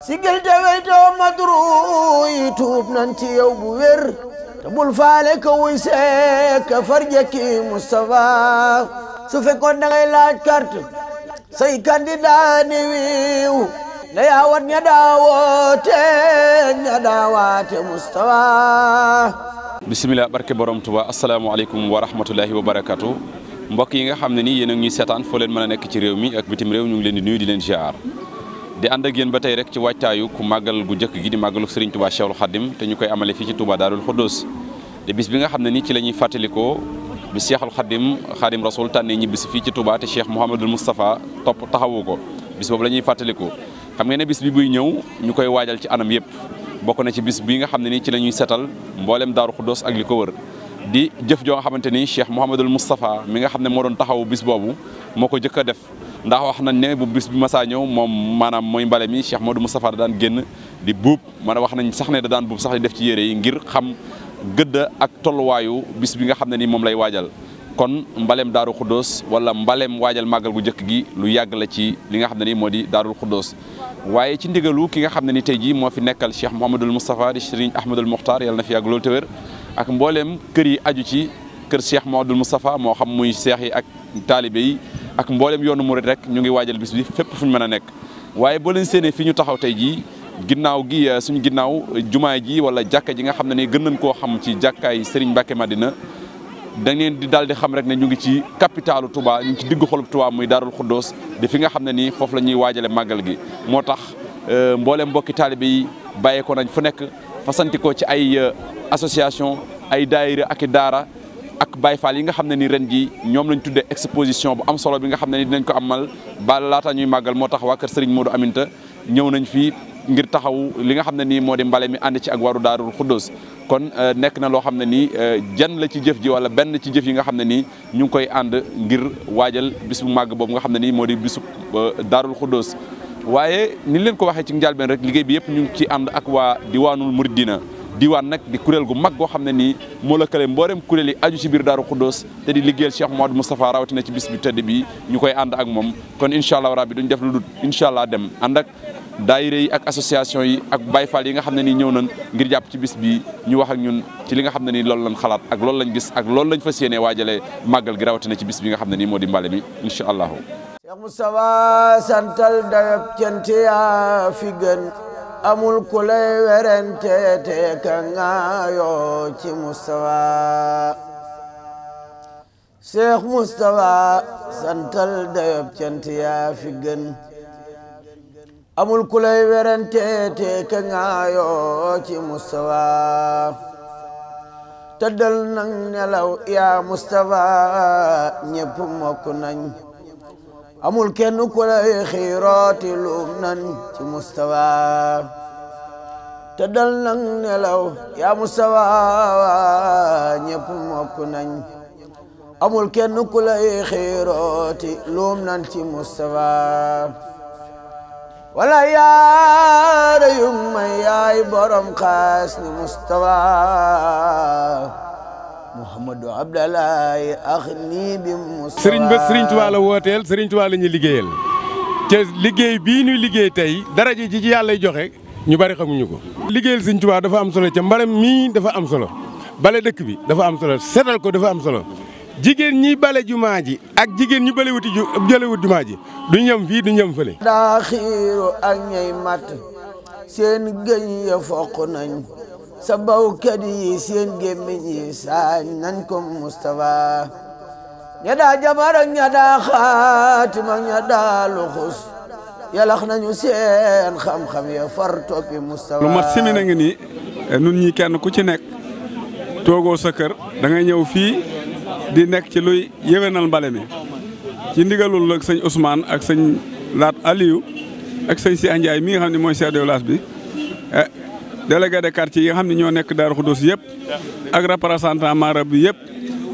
sigil te weytoo madru yi tuub nan ci yow bu wér te bul faale ka wuy see ka farjekki Moustapha su fekkoon da ngay laaj carte say candidat ni wiiw na yaawat ña daawoote ña daawaate barke borom Tuba asalaamualeykum wa rahmatullahi wa barakatu mbokk nga xam ne nii yéen a ngi ñuy seetaan foo leen mën ci réew mi ak bitim réew ñu ngi leen di nuyu di leen ziar di ànd ak yéen ba tey rek ci waajtaayu ku màggal gu njëkk gi di màggalu Serigne Touba Cheikhul Khadim te ñu koy amale fii ci Touba Darul Khoudoss te bis bi nga xam ne ni ci la ñuy fàttalikoo bi Cheikhul Khadim Khadim Rasoul tànnee ñibbisi fii ci Touba te Cheikh Mouhamadul Moustapha topp taxawu ko bis la ñuy fàttalikoo xam ngeen ne bis buy ñëw ñu koy waajal ci anam yëpp bokk na ci bis bi nga xam ne nii ci la ñuy setal mboolem Darou Khoudoss ak li ko wër di jëf joo nga xamante ni Cheikh Mouhamadul Moustapha mi nga xam ne moo doon taxawu bis boobu moo ko jëkk a def ndax wax nañ ne bu bis bi masaa ñëw moom maanaam mooy mbale mi Cheikh Modou Moustapha da daan génn di buub man wax nañ sax ne da daan buub sax di def ci yére yi ngir xam gëdd ak tolluwaayu bis bi nga xam ne ni moom lay waajal kon mbalem daaru xuddoos wala mbalem waajal màggal gu njëkk gi lu yàgg la ci li nga xam ne ni moo di daarul xuddoos waaye ci ndigalu ki nga xam ne ni tey jii moo fi nekkal Cheikh Mouhamadul Moustapha di Serigne Ahmadul Mokhtar yàlla na fi yàgg loolu te wér ak mbooleem kër yi aju ci kër Cheikh Mouhamadul Moustapha moo xam muy seex yi ak taalibe yi ak mboolem yoonu murit rek ñu ngi waajal bis bi fépp fu ñu mën a nekk waaye boo leen fi ñu taxaw tey jii ginnaaw gi eh, suñu ginnaaw eh, jumaa ji wala jàkka ji nga xam ne ni gën nañ koo xam ci jàkkaay Serigne Mbacké Madina da ngeen di daal di xam rek ne ñu ngi ci capitalu tubaa ñu ngi ci diggu xolub Touba muy Daarul Xuddoos di fi nga xam ne ni foofu la ñuy waajale màggal gi moo tax eh, mboolem mbokki taalibe yi bàyyeekoo nañ fu nekk fasantikoo ci ay association ay daayira ak i daara ak Baye Fall yi nga xam ne ni ren ji ñoom lañu tuddee exposition bu am solo bi nga xam ne ni dinañ ko amal ba laata ñuy màggal moo tax waa kër Serigne Modou Aminta ñëw nañ fii ngir taxaw li nga xam ne nii moo de mbale mi ànd ci ak waru daarul xuddoos kon euh, nekk na loo xam ne nii euh, jan la ci jëf ji wala benn ci jëf yi nga xam ne nii ñu ngi koy ànd ngir waajal bis bu màgg boobu nga xam ne nii moo di bisu euh, daarul xuddoos waaye ni leen ko waxee ci njàlbeen rek liggéey bi yëpp ñu ngi ci ànd ak waa diwaanul muridina diwaan nag di kuréel gu mag goo xam ne nii moo lëkkale mboolem kuréel yi aju ci biir Daaru Xuddoos te di liggéeyal Cheikh Mouhamadou Moustapha rawatina ci bis bi bi ñu koy ànd ak moom kon incha allah rabbi duñ def lu dul incha allah dem ànd ak daayira yi ak association yi ak Baay yi nga xam ne nii ñëw nañ ngir jàpp ci bis ñu wax ñun ci li nga xam ne ni loolu lañ xalaat ak loolu lañ gis ak loolu lañ fas yéene waajalee màggal gi rawatina ci bis bi nga xam ne nii moo di amul ku lay werante te ka ŋaayoo ci Mustafa Seex Mustafa santal dayob cant yaa fi gën amul ku lay werante te ka ŋaayoo ci Mustafa tëddal nañ nelaw yaa Mustafa ñépp mokk nañ amul kenn ku lay xiiraati luum nan ci mustawa te dal nang nelaw yaa mustawa ñépp mokk nañ amul kenn ku lay xiiraati luum nan ci mustawa wala yaara yum may yaay borom xaas ni mustawa Mouhamadou Abdalahi ak nii bi Moussa. Serigne ba Serigne Touba la wooteel Serigne Touba la ñuy liggéeyal liggéey bii ñuy liggéey tey dara ji ci yàlla joxe ñu bari xamuñu ko. liggéeyal Serigne Touba dafa am solo ca mbaram mii dafa am solo bale dëkk bi dafa am solo setal ko dafa am solo jigéen ñi bale jumaa ji ak jigéen ñu bale wuti ju jële wut jumaa ji du ñëm fii du ñëm fële. daa xiiru ak seen gëñ ya foq nañ. Sabau kadi yi seen gémmiñ yi saañ nan ko Moustapha ña daa jabar ak ña daa xaatim ak ña daa luxus yalax nañu seen xam-xam ya far toppi Moustapha. lu mat simi nga eh, nun ñi kenn ku ci sa da di nekk ci luy yéwénal mbale ci ndigalul ak sëñ Ousmane ak Aliou ak sëñ Si Andiaye mi nga xam ne de bi. Eh, délégué de quartier yi nga xam ne ñoo nekk Darou Khoudoss yëpp ak représentant marabout bi yëpp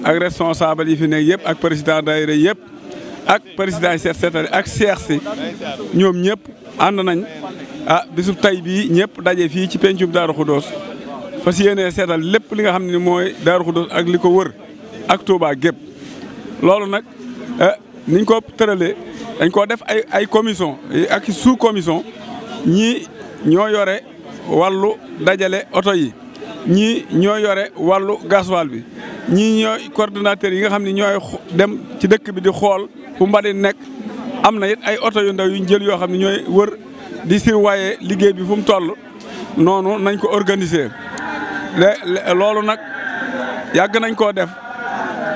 ak responsable yi fi nekk yëpp ak président daayira yëpp ak président seet seetali ak seex si ñoom ñëpp ànd nañ ah bisu tay bii ñëpp daje fii ci pencum Darou Khoudoss fas yéenee seetal lépp li nga xam ne mooy Darou Khoudoss ak li ko wër ak Touba gépp loolu nag eh, niñ ko tëralee dañ koo def ay ay commission ak su commission ñii ñoo yore. wallu dajale oto yi ñii ñoo yore wàllu gasoil bi ñii ñooy coordonnateur yi nga xam ne ñooy dem ci dëkk bi di xool fu mbalit nekk am na it ay oto yu ndaw yuñ jël yoo xam ne ñooy wër di surveiller liggéey bi fu mu toll noonu nañ ko organiser loolu nag yàgg nañ koo def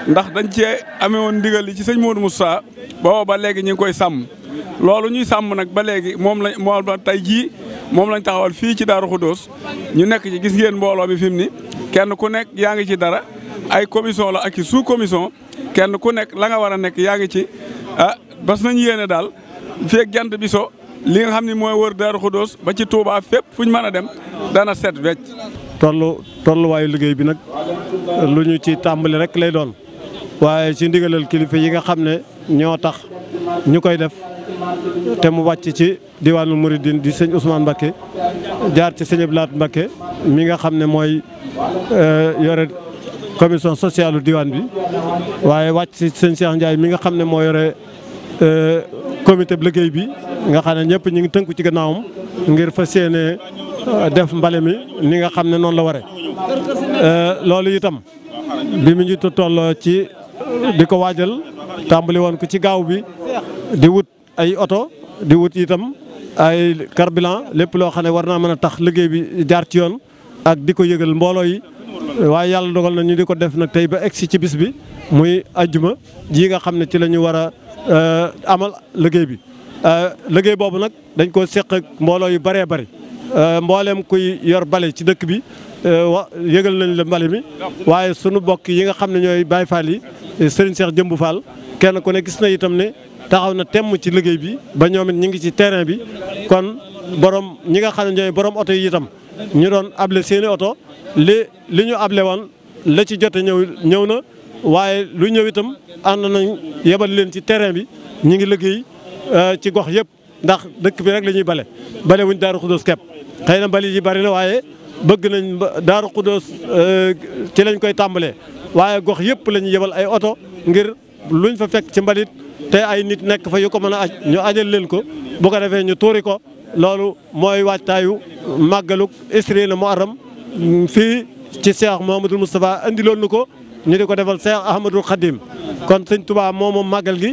ndax dañ cee amee woon ndigal li ci sëñ Modou Moussa booba ba léegi ñu koy sàmm loolu ñuy sàmm nag ba léegi moom la moo tey jii moom lañ taxawal fii ci Daaru Xudóos ñu nekk ci gis ngeen mbooloo mi fi mu ni kenn ku nekk yaa ngi ci dara ay commission la ak i sous commission kenn ku nekk la nga war a nekk yaa ngi ci ah, bas nañu yéene daal feeg jant bi so li nga xam ne mooy wër Daaru Xudóos ba ci Touba fépp fu ñu mën a dem dana set wecc tollu tolluwaayu liggéey bi nag lu ñu ci tàmbali rek lay doon waaye ci ndigalal kilifa yi nga xam ne ñoo tax ñu koy def té mu wacc ci diwanul mouridin di seigne Ousmane mbacké jaar ci seigne Blaat mbacké mi nga xamné ne euh yore commission sociale diwan bi wayé wacc ci seigne Cheikh ndjay mi nga xamné ne yoré yore euh, comité bi bi nga xamné ñepp ñi ngi tënku ci gannaawum ngir fas euh, def mbalé mi ni nga xamné ne la waré euh loolu itam bi mi ñu tollo ci di wajjal tambali won ko ci gaaw bi di wut ay oto di wut itam ay carburant lépp loo xam ne war naa mën a tax liggéey bi jaar ci yoon ak di ko yëgal mbooloo yi waaye yàlla dogal na ñu di ko def nag tey ba egsi ci bis bi muy ajjuma ji nga xam ne ci la ñu war a euh, amal liggéey bi. Euh, liggéey boobu nag dañ ko seq mbooloo yu bëree bari euh, mbooleem kuy yor bale ci dëkk bi yëgal nañ la mbale mi waaye sunu bokk yi nga xam ne ñooy Baye Fall yi Serigne Cheikh Jëmbu Fall kenn ku ne gis na itam ne. taxaw na temm ci liggéey bi ba ñoom it ñu ngi ci terrain bi kon borom ñi nga xam ne borom oto yi itam ñu doon able seeni oto li li ñu able woon la ci jote ñëw ñëw na waaye lu ñëw itam ànd nañ yebal leen ci terrain bi ñu ngi liggéey euh, ci gox yëpp ndax dëkk bi rek la ñuy bale bale wuñ Daaru Xuddoos kepp xëy na bali ji bari na waaye bëgg nañ Daaru Xuddoos euh, ci lañ koy tàmbalee waaye gox yëpp lañu ñuy yebal ay oto ngir luñ fa fekk ci mbalit te ay nit nekk fa yu ko mën a aj ñu ajal leen ko bu ko defee ñu tuuri ko loolu mooy waajtaayu màggaluk mu Muharram fii ci Cheikh Mouhamadul Moustapha indiloon na ko ñu di ko defal Cheikh Ahmadul Khadim kon sëñ Touba moo moom màggal gi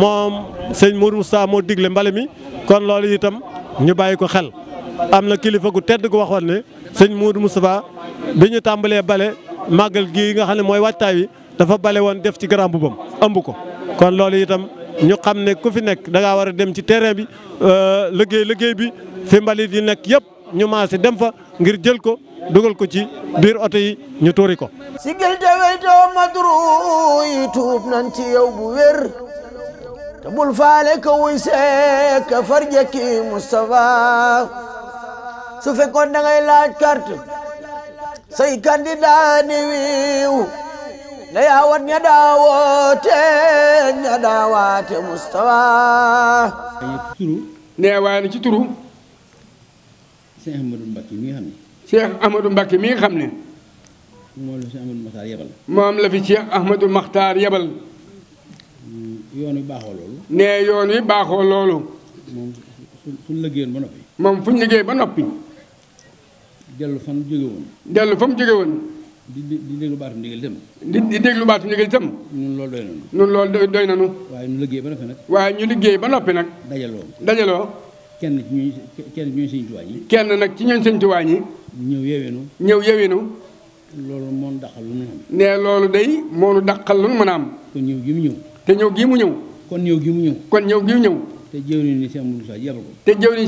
moom sëñ Mourou Moustapha moo digle mbale mi kon loolu itam ñu bàyyi ko xel am na kilifa gu tedd gu waxoon ne sëñ Mourou Moustapha bi ñu tàmbalee bale màggal gi nga xam ne mooy waajtaay yi dafa bale woon def ci grand boubam ëmb ko kon loolu itam ñu xam ne ku fi nekk danga ngaa war a dem ci terrain bi euh, liggéey liggéey bi fi mbalit yi nekk yëpp ñu maase dem fa ngir jël ko dugal ko ci biir oto yi ñu tuuri ko sigil te weytoo madru yi tuub nan ci yow bu wér te bul faale ko wuy seek farjëkki Moustapha su fekkoon da ngay laaj carte say candidat wiiw la yawat ña ci turu Cheikh Amadou Mbacke mi nga xam ne Cheikh Amadou Mbacke mi nga xam ne moom la fi Cheikh Amadou Makhtar moom la fi Cheikh mm, ba noppi moom fuñ liggéey ba noppi dellu fa mu jóge dellu fa mu jóge di di déglu baatu ndigal itam. di di déglu baatu ndigal itam. ñun loolu doy nañu. ñun loolu doy nañu. waaye ñu liggéey ba noppi nag. waaye ñu liggéey ba noppi nag. dajaloo dajaloo. kenn ci ñooñu kenn ci ñooñu kenn nag ci ñooñu sëñ Tuubaa ñi. ñëw yeewinu. ñëw yeewinu. loolu moo ñu dàqal lu ñu am. nee loolu day moo ñu dàqal lu ñu mën kon ñëw gi mu ñëw. te ñëw gii mu ñëw. kon ñëw gi mu ñëw. kon ñëw gi mu ñëw. te jëwriñ ni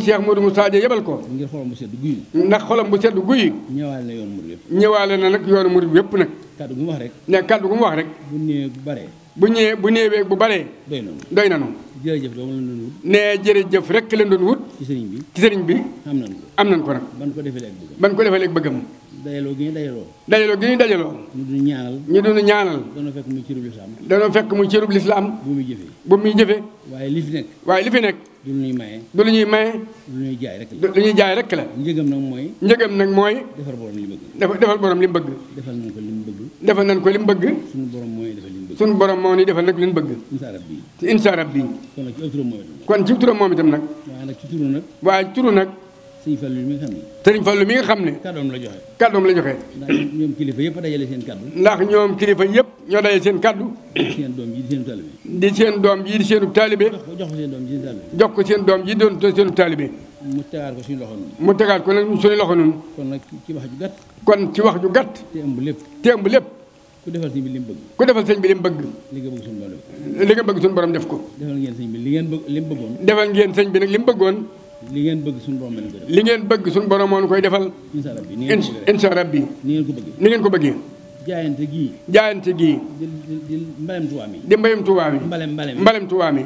Cheikh Modou Moussa yebal ko te jëwriñ Cheikh Modou Moussa ko ngir xolam bu sedd guy ndax xolam bu sedd guy ñëwaale na yoonu murid yëpp ñëwaale na nag yoonu murid yëpp nag kàddu gu mu wax rek ne kàddu gu mu wax rek bu néewee bu baree bu ñëwee bu néewee bu baree doy na doy na noonu jërëjëf doom lañ doon wut ne jëf rek lañ doon wut ci sëriñ bi ci sëriñ bi am nañ ko am nañ ko nag ban ko defee ak bëggam ban ko defalee ak bëggam dajaloo gi ñu dajaloo. dajaloo gi ñu dajaloo. ñu dunu ñaanal. ñu dunu ñaanal. danoo fekk muy cërub lislaam. danoo fekk muy cërub lislaam. bu muy jëfee. waaye li fi nekk. waaye li fi nekk. du lu ñuy maye. du lu ñuy jaay rek la. lu ñuy jaay rek la. njëgam nag mooy. njëgam nag mooy. defal borom li mu bëgg. defal borom li mu bëgg. defal ko li mu bëgg. defal nañ ko li mu borom mooy defal moo ni defal nag li mu bëgg. insa rabbi. insa rabbi. kon nag ci turam moom itam nag. waaye nag ci turu nag. waaye turu nag. sëriñ Fallou mi nga xam ne. sëriñ Fallou mi nga xam ne. la joxe. kàddoom la joxe. ndax ñoom kilifa yëpp dajale seen ñoo dajale seen kàddu. di seen doom ji di seen taalibe. di seen doom ji di seen jox ko seen doom ji di seen taalibe. jox ko seen doom doon seen taalibe. mu tegaat ko suñu loxo noonu. mu tegaat ko nag suñu loxo noonu. kon ci wax ju gàtt. kon ci wax ju gàtt. te ëmb lépp te ëmb lépp. ku defal sëñ bi li mu bëgg. ku defal sëñ bi li mu bëgg. li nga suñu borom def ko. li nga bëgg suñu borom def ko. defal ngeen sëñ bi nag li mu bëggoon. li ngeen bëgg suñu borom koy defal li ngeen bëgg suñu borom moo koy defal. incha rabbi ni ngeen ko bëggee ngeen ko bëggee ni ngeen ko bëggee. jaayante gii. jaayante gii. di di mbalem Tuubaa mi. di mbalem Tuubaa mi. mbalem mbalem mbalem Tuubaa mi.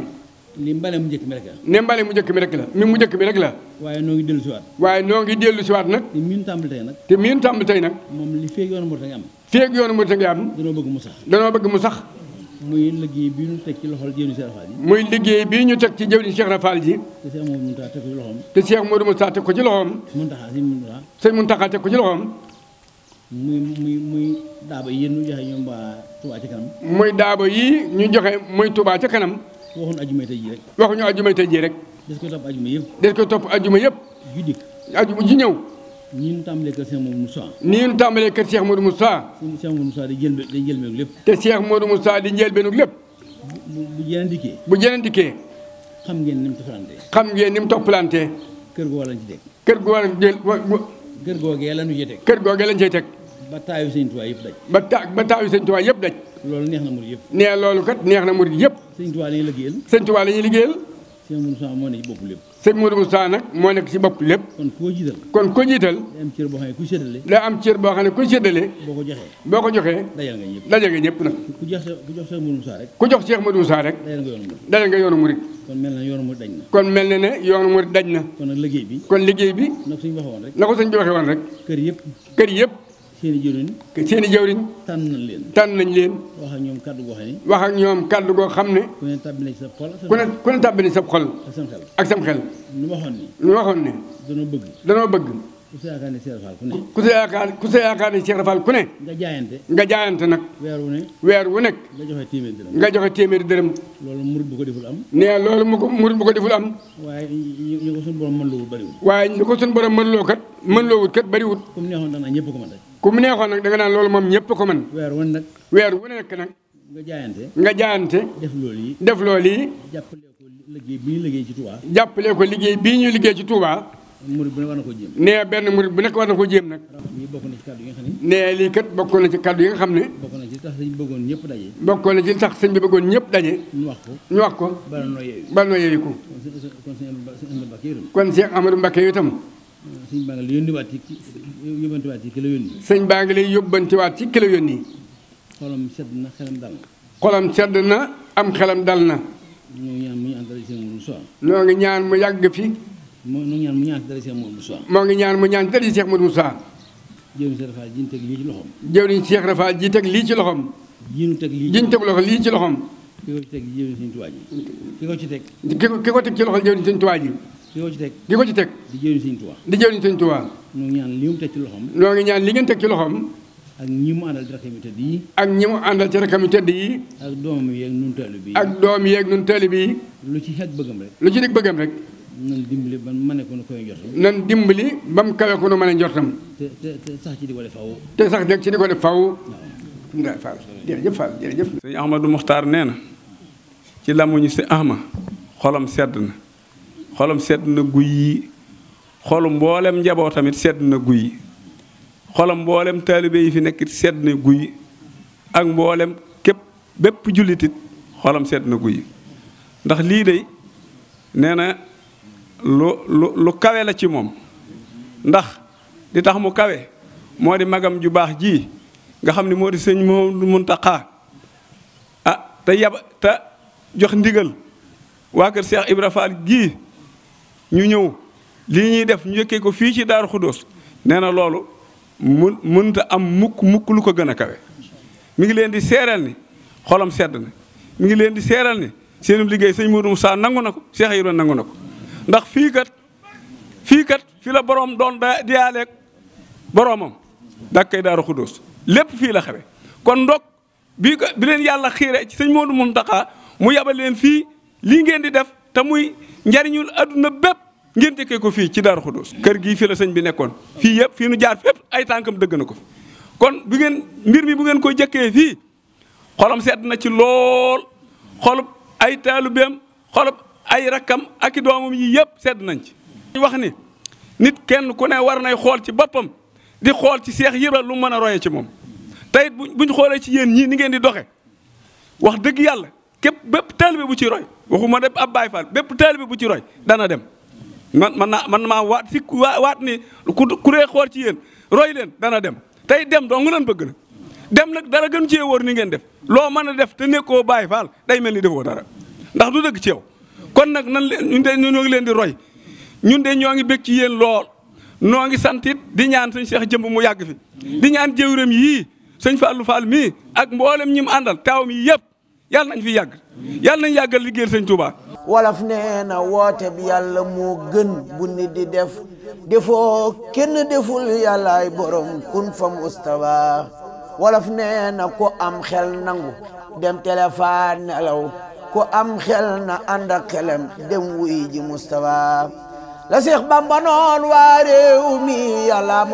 li mbale mu njëkk mi rek la. ne mbale mu njëkk mi rek la mi mu njëkk mi rek la. waaye noo ngi dellu si waat. noo ngi dellu si waat nag. te miin tàmbali tey nag. te miin tàmbali tey nag. moom li feeg yoonu Murit nga am. feeg yoonu Murit nga am. danoo bëgg mu sax danoo bëgg mu sax muy liggéey bi ñu teg ci loxol jëwriñ Cheikh Fall ji. muy liggéey bii ñu teg ci jëwriñ Cheikh Fall ji. te Cheikh moo Moustapha teg ko teg ko ci loxoom. Mountakha sëñ Mountakha. sëñ Mountakha teg ko ci loxoom. muy muy muy daaba yi ñu joxe ñoom waa Touba ca kanam. muy daaba yi ñu joxe muy Touba ca kanam. waxuñu ajumay tey jii rek. waxuñu ajumay tey jii rek. des ko topp ajuma yëpp. des ko topp ajuma yëpp. ju dikk ajuma ji ñëw. nii ñu tàmbalee kër Cheikh Modou Moussa. nii ñu tàmbalee kër Cheikh Modou Moussa. Cheikh Modou Moussa di jël di njëlbéenu lépp. te Cheikh Modou Moussa di njëlbéenu lépp. bu bu jeneen dikkee. bu jeneen dikkee. xam ngeen ni mu toppalantee. xam ngeen ni mu toppalantee. kër goo lañ ci teg. kër goo lañ jël wa wa. kër googee lañ ciy teg. kër googee lañ ciy teg. ba taayu sëñ Tuubaa yëpp daj. ba taa ba taayu sëñ Tuubaa yëpp daj. loolu neex na murid yëpp. nee loolu kat neex na murid yëpp. sëñ Tuubaa la ñuy liggéeyal. sëñ Tuubaa la ñuy liggéeyal sëñ Moussa moo nekk ci lépp. sëñ Moussa nag moo nekk ci bopp lépp. kon koo ko jiital. day am cër boo xam ne kuy séddale. am cër boo xam ne kuy séddale. boo ko joxee boo ko joxee. dajal nga ñëpp na nga ñëpp ku jox ku jox sëñ Moussa rek. ku jox Cheikh Modou Moussa rek. dajal nga yoonu murid. dajal nga yoonu murid. kon mel na kon mel na ne yoonu murid daj na. kon nag liggéey bi. kon liggéey bi. na ko sëñ bi waxee woon rek. na ko sëñ bi waxee woon rek. kër yëpp kër yëpp. seeni jëwriñ seeni jëwriñ tànn nañ leen tànn nañ leen wax ak ñoom kàddu goo xam ne wax ak ñoom kàddu goo xam ne ku ne tàbbi na ci sa xol ku ne ku ne tàbbi na ci sa xol ak sam xel ak sam xel lu waxoon ne lu waxoon ne danoo bëgg danoo bëgg ku sa yaakaar ne Cheikh Rafal ku ne ku sa yaakaar ku sa yaakaar ne Cheikh Rafal ku nga jaayante nag weer wu nekk nga joxe téeméeri dërëm nga loolu mu ko murid bu ko deful am waaye ñu ko suñu borom mën loowut bëriwut waaye ñu ko ku mu neexoon nag da nga naan loolu moom ñëpp ko mën. weer wu nag. weer wu nekk nag. nga jaayante. nga jaayante. def loolu yi def loolu yi. jàppale liggéey bi ñu ci Touba. jàppale ko liggéey bii ñuy liggéey ci Touba. murit bu nekk war na koo jéem. nee benn murit bu nekk war na koo jéem nag. nee lii kat bokkoon na ci kàddu yi nga xam ne. bokkoon na ci tax sëñ bi bëggoon ñëpp daje. bokkoon na ci tax sëñ bi bëggoon ñëpp daje. ñu wax ko ñu wax ko. bala noo yeewu bala noo yeewu ko. kon sëñ Amadou Mbacke itam. kon sëñ Amadou Mbacke itam. sëñ Ba nga li yónni waat ci yóbbantiwaat ci kilo yónni. sëñ baa ngi lay yóbbantiwaat ci kilo yónni. xolam sedd na xelam dal na. xolam sedd na am xelam dal na. ñoo ngi ñaan mu ñaan dara ci seen Mourou ñoo ngi ñaan mu yàgg fi. moo ngi ñaan mu ñaan dara ci seen Mourou Moussa. moo ngi ñaan mu ñaan dara ci Cheikh Mourou Moussa. jëwriñ Cheikh Rafaal ji teg lii ci loxoom. jëwriñ Cheikh Rafaal ji teg lii ci loxoom. ji ñu teg lii ci loxo lii ci loxoom. ki ko ci teg jëwriñ Sëñ ci teg. ki ko teg ci loxol ki ko ci teg ki ko ci teg. di jëriñ sëñ Tuubaa. di jëriñ sëñ Tuubaa. ñoo ngi ñaan li mu teg ci loxoom. ñoo ngi ñaan li ngeen teg ci loxoom. ak ñi mu àndal ci rakkam yu tëdd yi. ak ñi àndal ci rakkam yu tëdd yi. ak doom yeeg nun taalibe bi ak doom yeeg nun taalibe yi. lu ci xeet bëggam rek. lu ci dig bëggam rek. dimbali ba mu mane ko nu koy njortam. dimbali ba mu kawe ko nu mane njortam. sax ci di ko def faaw. te sax nag ci di ko def faaw. waaw Fall jërëjëf Fall jërëjëf. sëñ Ahmadou Muxtaar nee na ci lamuñu si Ahma xolam sedd na xolam sedd na guy yi xolu mboolem njaboo tamit sedd na guy xolam mboolem taalibe yi fi nekk sedd na guy ak mboolem képp bépp jullitit xolam sedd na guy ndax lii de nee na lu lu lu kawe la ci moom ndax di tax mu kawe moo di magam ju baax jii nga xam ni moo di sëñ Mouhamadou Mountakha ah te yab te jox ndigal waa kër Cheikh Ibra Fall gii ñu ñëw lii ñuy def ñu njëkkee ko fii ci Daaru Xuddoos nee na loolu mun mënta am mukk mukk lu ko gën a kawe. mu ngi leen di seeral ni xolam sedd na mi ngi leen di seeral ni seenum liggéey sëñ Mourou saa nangu na ko Cheikh Ibra nangu na ko ndax fii kat fii kat fi la borom doon da diyaaleeg boromam dàkkay Daaru Xuddoos lépp fii la xewe kon ndok bi ko bi leen yàlla xiire ci sëñ Mourou Mountakha mu yabal leen fii lii ngeen di def te muy njariñul adduna bépp ngeen jëkkee ko fii ci dara Xudoos kër gii fii la sëñ bi nekkoon fii yëpp fii nu jaar fépp ay tànkam dëgg na ko fi kon bu ngeen mbir mi bu ngeen koy jëkkee fii xolam sedd na ci lool xolub ay taalubeem xolub ay rakkam ak i doomam yi yëpp sedd nañ ci wax ni nit kenn ku ne war nay xool ci boppam di xool ci Seex Ibra lu mën a roye ci moom tey bu buñ xoolee ci yéen ñii ni ngeen di doxe wax dëgg yàlla képp bépp taalibe bu ci roy waxuma de ab Baay Faal bépp taalibe bu ci roy dana dem man man naa man maa waat fi waat ni ku ku dee xool ci yéen roy leen dana dem tey dem dong lan bëgg na dem nag dara gën cee woor ni ngeen def loo mën a def te nekkoo bàyyi faal day mel ni defoo dara ndax du dëgg ci yow kon nag nan ñun de ñoo ngi leen di roy ñun de ñoo ngi bég ci yéen lool noo ngi sant di ñaan suñ seex jëmb mu yàgg fi di ñaan jëwram yii sëñ Fallou faal mii ak mboolem ñi mu àndal taaw mi yëpp yàlla nañ fi yàgg yàlla nañ yàggal liggéeyal sëñ Touba wolof nee na woote bi yàlla mu gën bu nit di def defoo kenn deful yàllaay borom kun fa mustawa wolof nee ku am xel nangu dem téléphone nelaw ku am xel na ànd ak dem wuy ji mustawa la Seex Bamba noon waa réew mi yàlla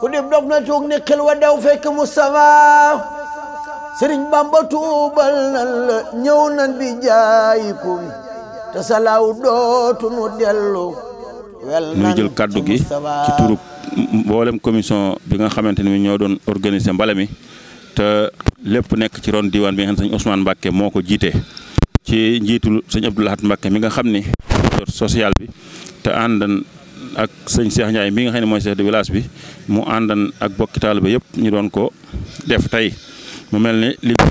ku dib dof na tuug ni xel wa dew fekk mustawa sering bamba tuubal nan la ñëw nan bi jaayikum te salaaw dootu nu dellu ñu jël kaddu gi ci turu mboolem commission bi nga xamante organisasi ñoo doon organiser mbale mi te lépp nekk ci ron diwaan bi nga xam ne sëñ Ousmane Mbacke moo ko ci njiitul sëñ bi te ak sëñ Cheikh hanya mi nga de village bi mu àndan ak bokki kita lebih ñu ko def mu mel ni liggéey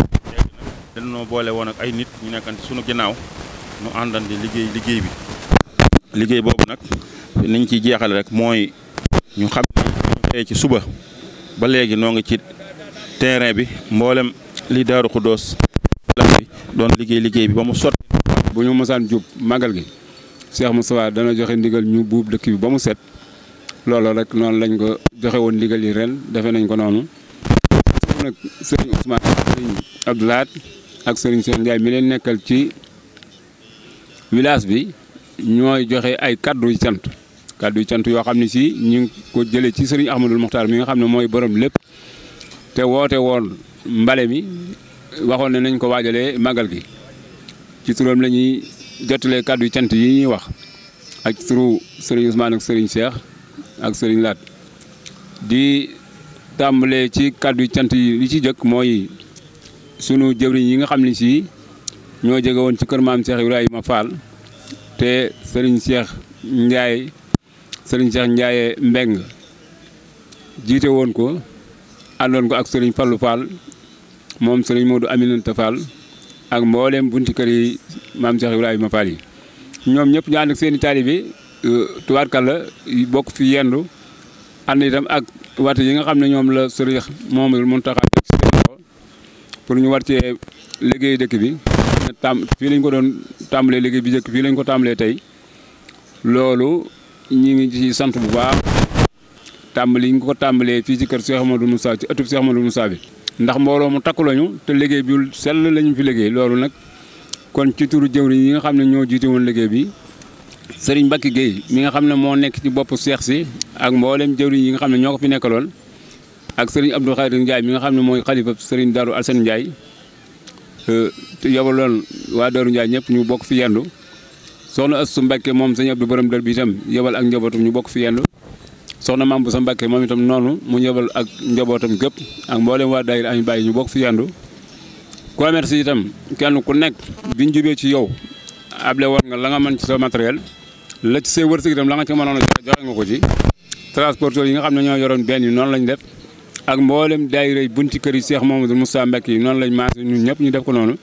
bi boole woon ak ay nit ñu nekkan ci sunu ginnaaw ñu àndandi liggéey liggéey bi boobu nag niñ ciy jeexale rek mooy ñu xam ne ci suba ba léegi noo ngi ci terrain bi mboolem li Daaru Xuddoos bi doon liggéey liggéey bi ba mu sotti bu ñu mosaan jub magal gi mu Moustapha dana joxe ndigal ñu buub dëkk bi ba mu set loolu rek noonu lañ ko joxe ndigal yi ren defe nañ ko noonu nag sëriñ Ousmane sëriñ Abdou ak sëriñ Seen Ndiaye mi leen nekkal ci village bi ñooy joxe ay kaddu cant kaddu cant yoo xam ne si ñu ko jëlee ci sëriñ Ahmadul Moxtaar mi nga xam ne mooy borom lépp te woote woon mbale mi waxoon ne nañ ko waajale màggal gi ci turam lañuy ñuy jotalee cant yi ñuy wax ak turu sëriñ Ousmane ak sëriñ Cheikh ak sëriñ Laat di. tàmbalee ci kàddu cant yi li ci jëkk mooy sunu jëwriñ yi nga xam ne si ñoo jege woon ci kër maam Cheikh Ibrahima Fall te sëriñ Cheikh Ndiaye sëriñ Cheikh Ndiaye Mbeng jiite woon ko àndoon ko ak sëriñ Fallou Fall moom sëriñ Modou Aminata Fall ak mboolem bunti kër yi maam Cheikh Ibrahima Fall yi ñoom ñëpp ñu ànd ak seen i taalibe euh, tubaarkàlla bokk fi yendu ànd itam ak wat yi nga xam ne ñoom la sëriñ Mouhamadou Mountakha pour ñu war cee liggéey dëkk bi tam fii lañ ko doon tàmbalee liggéey bi jëkk fii lañ ko tàmbalee tey loolu ñu ngi ci sant bu baax tàmbali ñu ko tàmbalee fii ci kër Cheikh Amadou Moussa ci ëttub Cheikh Amadou Moussa bi ndax mbooloo mu takku lañu te liggéey bi sell lañu fi liggéey loolu nag kon ci turu jëwriñ yi nga xam ne ñoo jiite woon liggéey bi sëriñ mbakki géey mi nga xam ne moo nekk ci boppu Cheikh si ak mboolem jëwriñ yi nga xam ne ñoo ko fi nekkaloon ak sëriñ Abdou Khadir Ndiaye mi nga xam ne mooy xalifa sëriñ Darou Alsane Ndiaye euh, te yabaloon waa Darou Ndiaye ñëpp ñu bokk fi yendu soxna Astou Mbacke moom sëñ Abdou borom dër bi ak njabootam ñu bokk fi yendu soxna Mame Boussa Mbacke moom itam noonu mu yabal ak njabootam gépp ak mboolem waa daayira añ bàyyi ñu bokk fi yendu commerce itam kenn ku nekk biñ jubee ci yow ablé woon nga la nga man ci sa matériel la ci sey wërsëg itam la nga ci mënoon jox nga ko ci transporteur yi nga xamna ñoo yoron ben non lañ def ak mbolem daayira yi bunti keur yi Cheikh Mamadou Moussa Mbacke non lañ ma ñun ñep ñu def ko nonu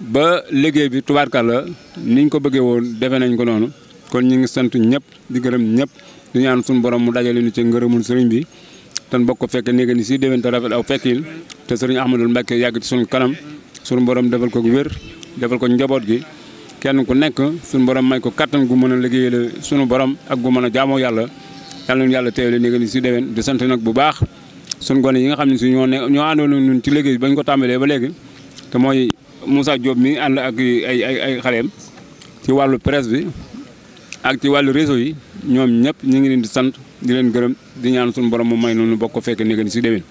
ba liggé bi la niñ ko bëggé woon défé nañ ko nonu kon ñi ngi sant ñep di gërëm ñep di ñaan suñu borom mu dajalé ñu ci ngeerumul sëriñ bi tan bokk fekk fekkee nga ni ci déwén te rafet aw fekkil te sëriñ Ahmadou Mbacke yàgg ci suñu kanam suñu borom defal ko wër defal ko njaboot gi kenn ku nekk suñu borom may ko kattan gu mën a liggéeyal suñu borom ak gu mën a jaamoo yàlla yàlla nañu yàlla teewle ni nga ni si déwén di sant nag bu baax suñu gone yi nga xam ne si ñoo ne ñoo àndoon nu ci liggéey bañ ko tàmbalee ba léegi te mooy Moussa Diop mi ànd ak ay ay ay xaleem ci wàllu presse bi ak ci wàllu réseau yi ñoom ñëpp ñu ngi leen di sant di leen gërëm di ñaan suñu borom mu noonu bokk ko fekk ni nga si déwén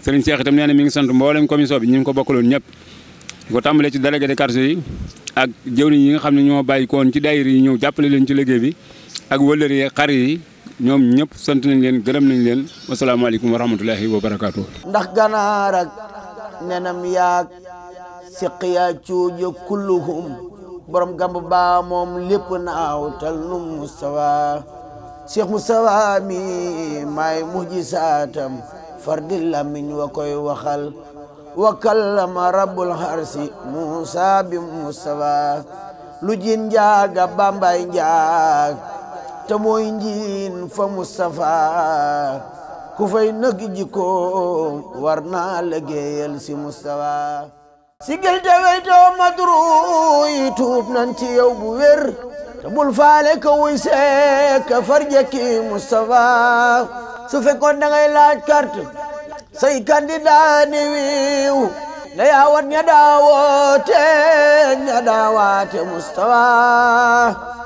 Serigne Cheikh mi ngi sant mboolem commission bi ñu ngi ko bokkaloon ñëpp ko tàmbalee yi ak jëwriñ yi nga xam ne ñoo bàyyi koon ci daayira yi ñëw jàppale leen ci liggéey bi ak wëllër yi xar yi ñoom ñëpp sant nañ leen gërëm nañ leen wasalaamaaleykum wa rahmatulahi wa barakaatu. ndax ganaar ak nenam yaag siqiya cuuja kulluhum borom gàmb baa moom lépp naawtal nu mustawa cheikh mustawa mi maay mujjisaatam fardil lamiñ wa koy waxal wa kallama rabbul harsi musa bi mustafa lu jin njaaga bambay njaag te mooy njiin fa mustafa ku fay nag jikkoom war naa liggéeyal si mustafa si gil te weytoo madru yi tuub nan ci yow bu wér bul faale ka wuy seek ka farjaki mustafa su fekkoon da ngay laaj carte say candidat ni wiiw ne yaa wat ña Mustafa